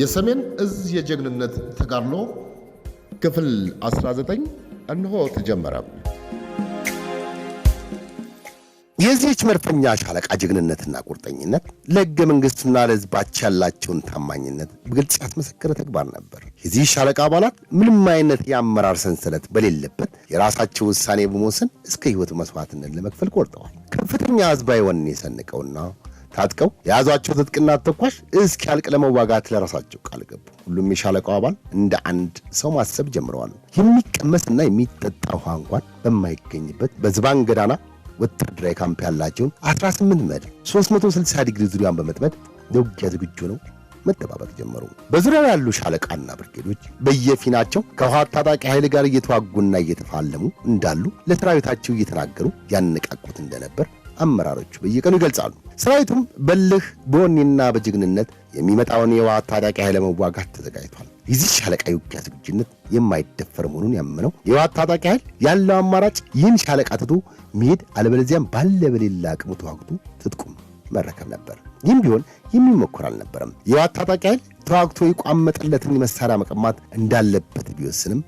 የሰሜን እዝ የጀግንነት ተጋድሎ ክፍል 19 እንሆ ተጀመረ። የዚህች መድፈኛ ሻለቃ ጀግንነትና ቁርጠኝነት ለሕገ መንግሥትና ለሕዝባቸው ያላቸውን ታማኝነት በግልጽ ያስመሰከረ ተግባር ነበር። የዚህ ሻለቃ አባላት ምንም አይነት የአመራር ሰንሰለት በሌለበት የራሳቸው ውሳኔ በመወሰን እስከ ሕይወት መስዋዕትነት ለመክፈል ቆርጠዋል። ከፍተኛ ሕዝባዊ ወኔ ሰንቀውና ታጥቀው የያዟቸው ትጥቅና ተኳሽ እስኪያልቅ ለመዋጋት ለራሳቸው ቃል ገቡ። ሁሉም የሻለቃው አባል እንደ አንድ ሰው ማሰብ ጀምረዋል። የሚቀመስና የሚጠጣ ውሃ እንኳን በማይገኝበት በዝባን ገዳና ወታደራዊ ካምፕ ያላቸውን 18 መድፍ 360 ዲግሪ ዙሪያን በመጥመድ ለውጊያ ዝግጁ ነው መጠባበቅ ጀመሩ። በዙሪያው ያሉ ሻለቃና ብርጌዶች በየፊናቸው ከውሃ ታጣቂ ኃይል ጋር እየተዋጉና እየተፋለሙ እንዳሉ ለሰራዊታቸው እየተናገሩ ያነቃቁት እንደነበር አመራሮቹ በየቀኑ ይገልጻሉ። ሰራዊቱም በልህ በወኔና በጀግንነት የሚመጣውን የዋት ታጣቂ ኃይል ለመዋጋት ተዘጋጅቷል። የዚህ ሻለቃ የውጊያ ዝግጅነት የማይደፈር መሆኑን ያመነው የዋት ታጣቂ ኃይል ያለው አማራጭ ይህን ሻለቃ ትቶ መሄድ፣ አለበለዚያም ባለ በሌላ አቅሙ ተዋግቶ ትጥቁም መረከብ ነበር። ይህም ቢሆን የሚሞክር አልነበረም። የዋት ታጣቂ ኃይል ተዋግቶ የቋመጠለትን መሳሪያ መቀማት እንዳለበት ቢወስንም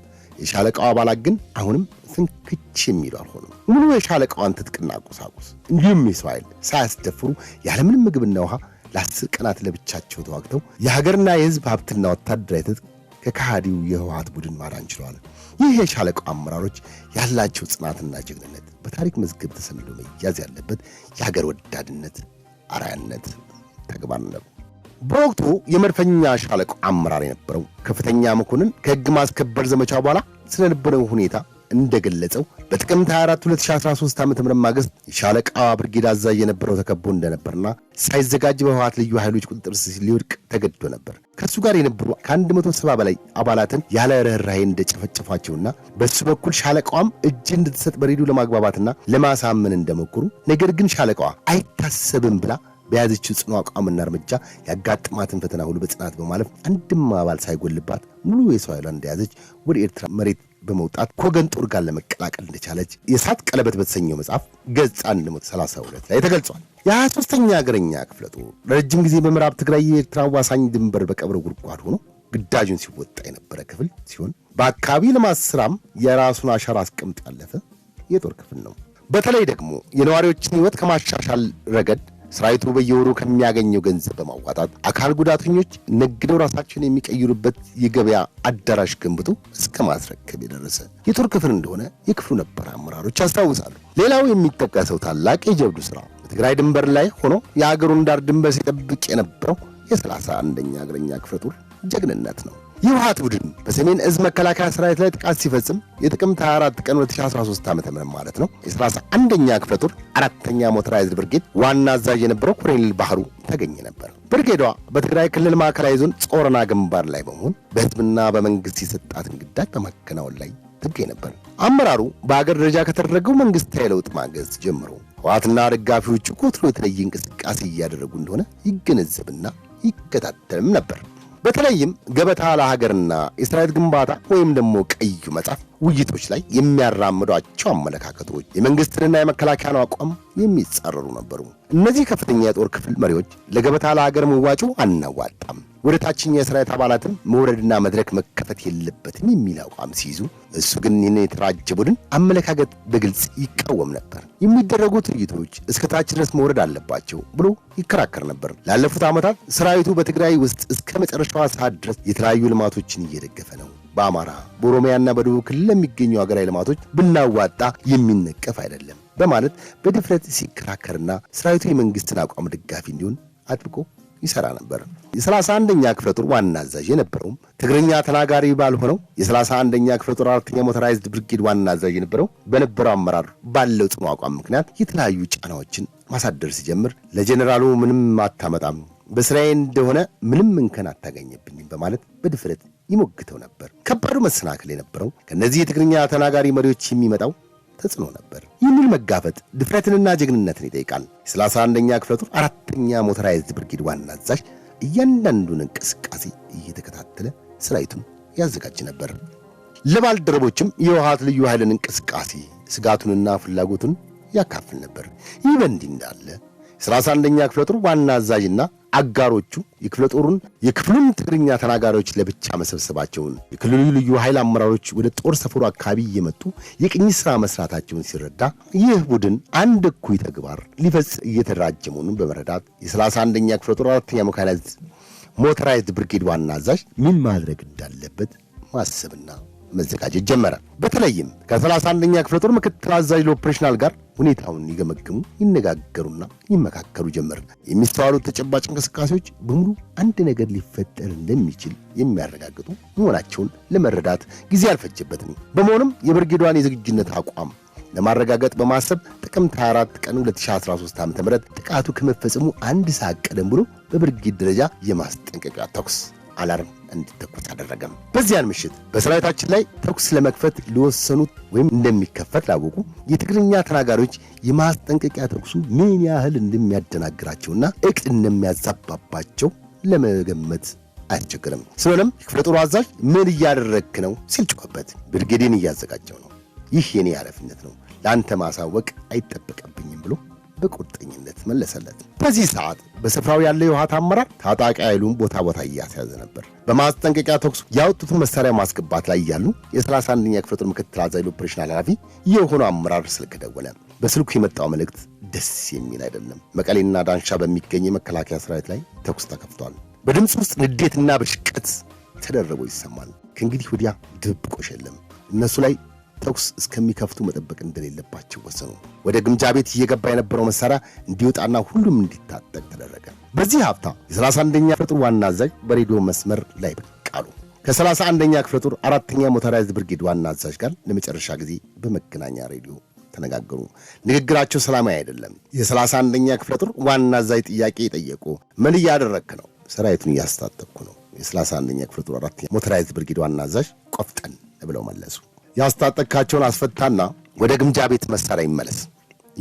የሻለቃው አባላት ግን አሁንም ፍንክች የሚሉ አልሆኑም። ሙሉ የሻለቃዋን ትጥቅና ቁሳቁስ እንዲሁም የሰው ኃይል ሳያስደፍሩ ያለምንም ምግብና ውሃ ለአስር ቀናት ለብቻቸው ተዋግተው የሀገርና የሕዝብ ሀብትና ወታደራዊ ትጥቅ ከካሃዲው የህወሀት ቡድን ማዳን ችለዋል። ይህ የሻለቃው አመራሮች ያላቸው ጽናትና ጀግንነት በታሪክ መዝገብ ተሰንዶ መያዝ ያለበት የሀገር ወዳድነት አርአያነት ተግባር ነው። በወቅቱ የመድፈኛ ሻለቃ አመራር የነበረው ከፍተኛ መኮንን ከሕግ ማስከበር ዘመቻ በኋላ ስለነበረው ሁኔታ እንደገለጸው በጥቅምት 24 2013 ዓ ም ማግስት የሻለቃዋ ብርጌድ አዛዥ የነበረው ተከቦ እንደነበርና ሳይዘጋጅ በህወሓት ልዩ ኃይሎች ቁጥጥር ሊወድቅ ተገድዶ ነበር። ከእሱ ጋር የነበሩ ከ170 በላይ አባላትን ያለ ርኅራሄ እንደጨፈጨፏቸውና በእሱ በኩል ሻለቃዋም እጅ እንድትሰጥ በሬዲዮ ለማግባባትና ለማሳመን እንደሞከሩ ነገር ግን ሻለቃዋ አይታሰብም ብላ በያዘችው ጽኑ አቋምና እርምጃ ያጋጥማትን ፈተና ሁሉ በጽናት በማለፍ አንድም አባል ሳይጎልባት ሙሉ የሰው ኃይሏን እንደያዘች ወደ ኤርትራ መሬት በመውጣት ኮገን ጦር ጋር ለመቀላቀል እንደቻለች የእሳት ቀለበት በተሰኘው መጽሐፍ ገጽ 132 ላይ ተገልጿል። የ23ኛ አገረኛ ክፍለ ጦር ለረጅም ጊዜ በምዕራብ ትግራይ የኤርትራ ዋሳኝ ድንበር በቀብረ ጉድጓድ ሆኖ ግዳጁን ሲወጣ የነበረ ክፍል ሲሆን በአካባቢ ልማት ስራም የራሱን አሻራ አስቀምጦ ያለፈ የጦር ክፍል ነው። በተለይ ደግሞ የነዋሪዎችን ህይወት ከማሻሻል ረገድ ሰራዊቱ በየወሩ ከሚያገኘው ገንዘብ በማዋጣት አካል ጉዳተኞች ነግደው ራሳቸውን የሚቀይሩበት የገበያ አዳራሽ ገንብቶ እስከ ማስረከብ የደረሰ የጦር ክፍል እንደሆነ የክፍሉ ነበር አመራሮች ያስታውሳሉ። ሌላው የሚጠቀሰው ታላቅ የጀብዱ ስራ በትግራይ ድንበር ላይ ሆኖ የአገሩን ዳር ድንበር ሲጠብቅ የነበረው የሰላሳ አንደኛ እግረኛ ክፍለ ጦር ጀግንነት ነው። የህወሓት ቡድን በሰሜን እዝ መከላከያ ሰራዊት ላይ ጥቃት ሲፈጽም የጥቅምት 24 ቀን 2013 ዓ ም ማለት ነው የሰላሳ አንደኛ ክፍለ ጦር አራተኛ ሞተራይዝድ ብርጌድ ዋና አዛዥ የነበረው ኮሎኔል ባህሩ ተገኘ ነበር። ብርጌዷ በትግራይ ክልል ማዕከላዊ ዞን ጾረና ግንባር ላይ በመሆን በህዝብና በመንግስት የሰጣትን ግዳጅ በማከናወን ላይ ትገኝ ነበር። አመራሩ በአገር ደረጃ ከተደረገው መንግስታዊ ለውጥ ማገዝ ጀምሮ ህወሓትና ደጋፊዎቹ ቁጥሩ የተለየ እንቅስቃሴ እያደረጉ እንደሆነ ይገነዘብና ይከታተልም ነበር። በተለይም ገበታ ለሀገርና የሰራዊት ግንባታ ወይም ደግሞ ቀዩ መጽሐፍ ውይይቶች ላይ የሚያራምዷቸው አመለካከቶች የመንግስትንና የመከላከያን አቋም የሚጻረሩ ነበሩ። እነዚህ ከፍተኛ የጦር ክፍል መሪዎች ለገበታ ለሀገር መዋጮ አናዋጣም፣ ወደ ታችኛ የሰራዊት አባላትም መውረድና መድረክ መከፈት የለበትም የሚል አቋም ሲይዙ፣ እሱ ግን ይህን የተራጀ ቡድን አመለካከት በግልጽ ይቃወም ነበር። የሚደረጉ ውይይቶች እስከ ታች ድረስ መውረድ አለባቸው ብሎ ይከራከር ነበር። ላለፉት ዓመታት ሰራዊቱ በትግራይ ውስጥ እስከ መጨረሻዋ ሰዓት ድረስ የተለያዩ ልማቶችን እየደገፈ ነው። በአማራ በኦሮሚያና በደቡብ ክልል ለሚገኙ ሀገራዊ ልማቶች ብናዋጣ የሚነቀፍ አይደለም በማለት በድፍረት ሲከራከርና ሰራዊቱ የመንግስትን አቋም ደጋፊ እንዲሆን አጥብቆ ይሰራ ነበር። የሰላሳ አንደኛ ክፍለ ጦር ዋና አዛዥ የነበረውም ትግርኛ ተናጋሪ ባልሆነው የሰላሳ አንደኛ ክፍለ ጦር አራተኛ ሞተራይዝድ ብርጌድ ዋና አዛዥ የነበረው በነበረው አመራር ባለው ጽኑ አቋም ምክንያት የተለያዩ ጫናዎችን ማሳደር ሲጀምር ለጀኔራሉ ምንም አታመጣም፣ በስራዬ እንደሆነ ምንም እንከን አታገኘብኝም በማለት በድፍረት ይሞግተው ነበር። ከባዱ መሰናክል የነበረው ከእነዚህ የትግርኛ ተናጋሪ መሪዎች የሚመጣው ተጽዕኖ ነበር። ይህንን መጋፈጥ ድፍረትንና ጀግንነትን ይጠይቃል። የሰላሳ አንደኛ ክፍለ ጦር አራተኛ ሞተራይዝድ ብርጌድ ዋና አዛዥ እያንዳንዱን እንቅስቃሴ እየተከታተለ ሰራዊቱን ያዘጋጅ ነበር። ለባልደረቦችም የውሃት ልዩ ኃይልን እንቅስቃሴ ስጋቱንና ፍላጎቱን ያካፍል ነበር። ይህ በእንዲህ እንዳለ የሰላሳ አንደኛ ክፍለ ጦር ዋና አዛዥና አጋሮቹ የክፍለ ጦሩን የክፍሉን ትግርኛ ተናጋሪዎች ለብቻ መሰብሰባቸውን የክልሉ ልዩ ኃይል አመራሮች ወደ ጦር ሰፈሩ አካባቢ እየመጡ የቅኝት ሥራ መስራታቸውን ሲረዳ ይህ ቡድን አንድ እኩይ ተግባር ሊፈጽ እየተደራጀ መሆኑን በመረዳት የሰላሳ አንደኛ ክፍለ ጦር አራተኛ መካናይዝድ ሞተራይዝድ ብርጌድ ዋና አዛዥ ምን ማድረግ እንዳለበት ማሰብና መዘጋጀት ጀመረ። በተለይም ከ31ኛ ክፍለ ጦር ምክትል አዛዥ ለኦፕሬሽናል ጋር ሁኔታውን ይገመግሙ፣ ይነጋገሩና ይመካከሩ ጀመር። የሚስተዋሉት ተጨባጭ እንቅስቃሴዎች በሙሉ አንድ ነገር ሊፈጠር እንደሚችል የሚያረጋግጡ መሆናቸውን ለመረዳት ጊዜ አልፈጀበትም። በመሆኑም የብርጌዷን የዝግጁነት አቋም ለማረጋገጥ በማሰብ ጥቅምት 24 ቀን 2013 ዓ.ም ጥቃቱ ከመፈጸሙ አንድ ሰዓት ቀደም ብሎ በብርጌድ ደረጃ የማስጠንቀቂያ ተኩስ አላርም እንዲተኩስ አደረገም። በዚያን ምሽት በሰራዊታችን ላይ ተኩስ ለመክፈት ሊወሰኑት ወይም እንደሚከፈት ላወቁ የትግርኛ ተናጋሪዎች የማስጠንቀቂያ ተኩሱ ምን ያህል እንደሚያደናግራቸውና እቅድ እንደሚያዛባባቸው ለመገመት አያስቸግርም። ስለሆነም የክፍለ ጦሩ አዛዥ ምን እያደረግክ ነው ሲል ጮኸበት። ብርጌዴን እያዘጋጀው ነው። ይህ የኔ ኃላፊነት ነው፣ ለአንተ ማሳወቅ አይጠበቀብኝም ብሎ በቁርጠኝነት መለሰለት። በዚህ ሰዓት በስፍራው ያለው የህወሓት አመራር ታጣቂ ኃይሉን ቦታ ቦታ እያስያዘ ነበር። በማስጠንቀቂያ ተኩስ ያወጡትን መሳሪያ ማስገባት ላይ እያሉ የ31ኛ ክፍለ ጦር ምክትል አዛዥ ኦፕሬሽን ኃላፊ የሆነው አመራር ስልክ ደወለ። በስልኩ የመጣው መልእክት ደስ የሚል አይደለም። መቀሌና ዳንሻ በሚገኝ የመከላከያ ሰራዊት ላይ ተኩስ ተከፍቷል። በድምፅ ውስጥ ንዴትና ብሽቀት ተደርቦ ይሰማል። ከእንግዲህ ወዲያ ድብቆሽ የለም። እነሱ ላይ ተኩስ እስከሚከፍቱ መጠበቅ እንደሌለባቸው ወሰኑ። ወደ ግምጃ ቤት እየገባ የነበረው መሳሪያ እንዲወጣና ሁሉም እንዲታጠቅ ተደረገ። በዚህ ሀብታ የ31ኛ ክፍለ ጦር ዋና አዛዥ በሬዲዮ መስመር ላይ ብቅ አሉ። ከ31ኛ ክፍለ ጦር አራተኛ ሞተራይዝድ ብርጌድ ዋና አዛዥ ጋር ለመጨረሻ ጊዜ በመገናኛ ሬዲዮ ተነጋገሩ። ንግግራቸው ሰላማዊ አይደለም። የ31ኛ ክፍለ ጦር ዋና አዛዥ ጥያቄ የጠየቁ ምን እያደረግክ ነው? ሰራዊቱን እያስታጠቅኩ ነው። የ31ኛ ክፍለ ጦር አራተኛ ሞተራይዝድ ብርጌድ ዋና አዛዥ ቆፍጠን ብለው መለሱ። ያስታጠካቸውን አስፈታና ወደ ግምጃ ቤት መሳሪያ ይመለስ።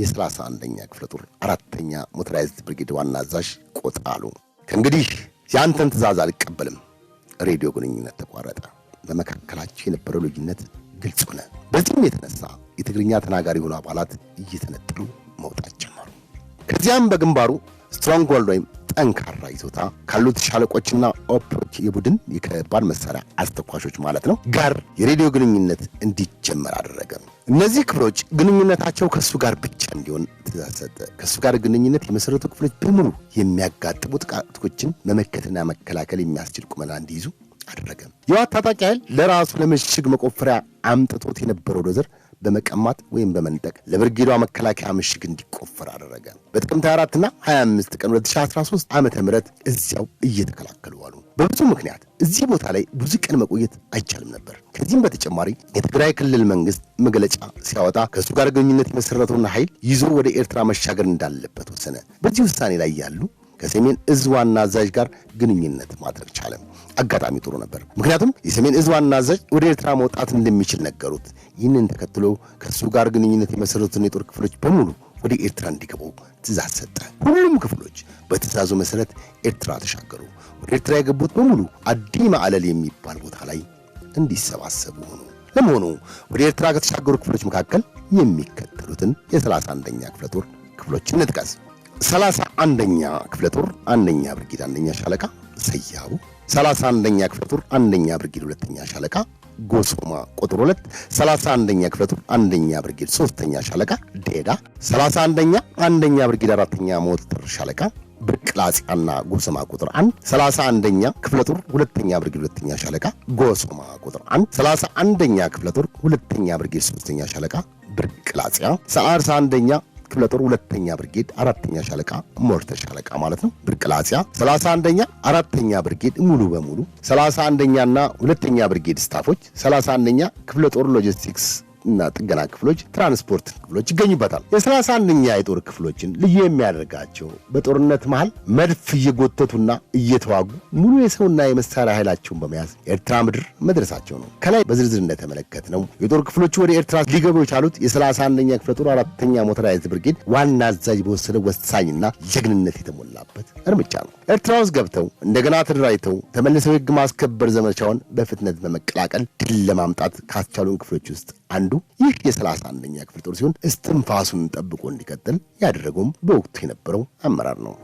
የሰላሳ አንደኛ ክፍለ ጦር አራተኛ ሞተራይዝድ ብርጌድ ዋና አዛዥ ቆጣሉ፣ ከእንግዲህ የአንተን ትእዛዝ አልቀበልም። ሬዲዮ ግንኙነት ተቋረጠ። በመካከላቸው የነበረው ልዩነት ግልጽ ሆነ። በዚህም የተነሳ የትግርኛ ተናጋሪ የሆኑ አባላት እየተነጠሉ መውጣት ጀመሩ። ከዚያም በግንባሩ ስትሮንግሆልድ ወይም ጠንካራ ይዞታ ካሉት ሻለቆችና ኦፕሮች የቡድን የከባድ መሳሪያ አስተኳሾች ማለት ነው ጋር የሬዲዮ ግንኙነት እንዲጀመር አደረገ። እነዚህ ክፍሎች ግንኙነታቸው ከእሱ ጋር ብቻ እንዲሆን ትእዛዝ ሰጠ። ከእሱ ጋር ግንኙነት የመሰረቱ ክፍሎች በሙሉ የሚያጋጥሙ ጥቃቶችን መመከትና መከላከል የሚያስችል ቁመና እንዲይዙ አደረገ። የዋት ታጣቂ ኃይል ለራሱ ለምሽግ መቆፈሪያ አምጥቶት የነበረው ዶዘር በመቀማት ወይም በመንጠቅ ለብርጌዷ መከላከያ ምሽግ እንዲቆፈር አደረገ። በጥቅምት 24ና 25 ቀን 2013 ዓ ም እዚያው እየተከላከሉ አሉ። በብዙ ምክንያት እዚህ ቦታ ላይ ብዙ ቀን መቆየት አይቻልም ነበር። ከዚህም በተጨማሪ የትግራይ ክልል መንግስት መግለጫ ሲያወጣ ከእሱ ጋር ግንኙነት የመሰረተውን ኃይል ይዞ ወደ ኤርትራ መሻገር እንዳለበት ወሰነ። በዚህ ውሳኔ ላይ ያሉ ከሰሜን እዝ ዋና አዛዥ ጋር ግንኙነት ማድረግ ቻለ። አጋጣሚ ጥሩ ነበር፣ ምክንያቱም የሰሜን እዝ ዋና አዛዥ ወደ ኤርትራ መውጣት እንደሚችል ነገሩት። ይህንን ተከትሎ ከእሱ ጋር ግንኙነት የመሰረቱትን የጦር ክፍሎች በሙሉ ወደ ኤርትራ እንዲገቡ ትእዛዝ ሰጠ። ሁሉም ክፍሎች በትእዛዙ መሰረት ኤርትራ ተሻገሩ። ወደ ኤርትራ የገቡት በሙሉ አዲ ማዕለል የሚባል ቦታ ላይ እንዲሰባሰቡ ሆኑ። ለመሆኑ ወደ ኤርትራ ከተሻገሩ ክፍሎች መካከል የሚከተሉትን የሰላሳ አንደኛ ክፍለ ጦር ክፍሎችን እንጥቀስ። ሰላሳ አንደኛ ክፍለ ጦር አንደኛ ብርጌድ አንደኛ ሻለቃ ሰያቡ፣ ሰላሳ አንደኛ ክፍለ ጦር አንደኛ ብርጌድ ሁለተኛ ሻለቃ ጎሶማ ቁጥር ሁለት፣ ሰላሳ አንደኛ ክፍለ ጦር አንደኛ ብርጌድ ሶስተኛ ሻለቃ ዴዳ፣ ሰላሳ አንደኛ አንደኛ ብርጌድ አራተኛ ሞተር ሻለቃ ብርቅላጽያና ጎሰማ ቁጥር አንድ ሰላሳ አንደኛ ክፍለ ጦር ሁለተኛ ብርጌድ ሁለተኛ ሻለቃ ጎሶማ ቁጥር አንድ ሰላሳ አንደኛ ክፍለ ጦር ሁለተኛ ብርጌድ ሶስተኛ ሻለቃ ብርቅላጽያ ሰላሳ አንደኛ ክፍለ ጦር ሁለተኛ ብርጌድ አራተኛ ሻለቃ ሞርተ ሻለቃ ማለት ነው ብርቅላጽያ፣ አንደኛ አራተኛ ብርጌድ ሙሉ በሙሉ 31 አንደኛና ሁለተኛ ብርጌድ ስታፎች፣ አንደኛ ክፍለ ጦር ሎጂስቲክስ እና ጥገና ክፍሎች፣ ትራንስፖርት ክፍሎች ይገኙበታል። የሰላሳ አንደኛ የጦር ክፍሎችን ልዩ የሚያደርጋቸው በጦርነት መሃል መድፍ እየጎተቱና እየተዋጉ ሙሉ የሰውና የመሳሪያ ኃይላቸውን በመያዝ ኤርትራ ምድር መድረሳቸው ነው። ከላይ በዝርዝር እንደተመለከት ነው የጦር ክፍሎቹ ወደ ኤርትራ ሊገቡ የቻሉት የሰላሳ አንደኛ ክፍለ ጦር አራተኛ ሞተራይዝድ ብርጌድ ዋና አዛዥ በወሰደ ወሳኝና ጀግንነት የተሞላበት እርምጃ ነው። ኤርትራ ውስጥ ገብተው እንደገና ተደራጅተው ተመልሰው የህግ ማስከበር ዘመቻውን በፍጥነት በመቀላቀል ድል ለማምጣት ካስቻሉን ክፍሎች ውስጥ አንዱ ይህ የሰላሳ አንደኛ ክፍለ ጦር ሲሆን እስትንፋሱን ጠብቆ እንዲቀጥል ያደረገውም በወቅቱ የነበረው አመራር ነው።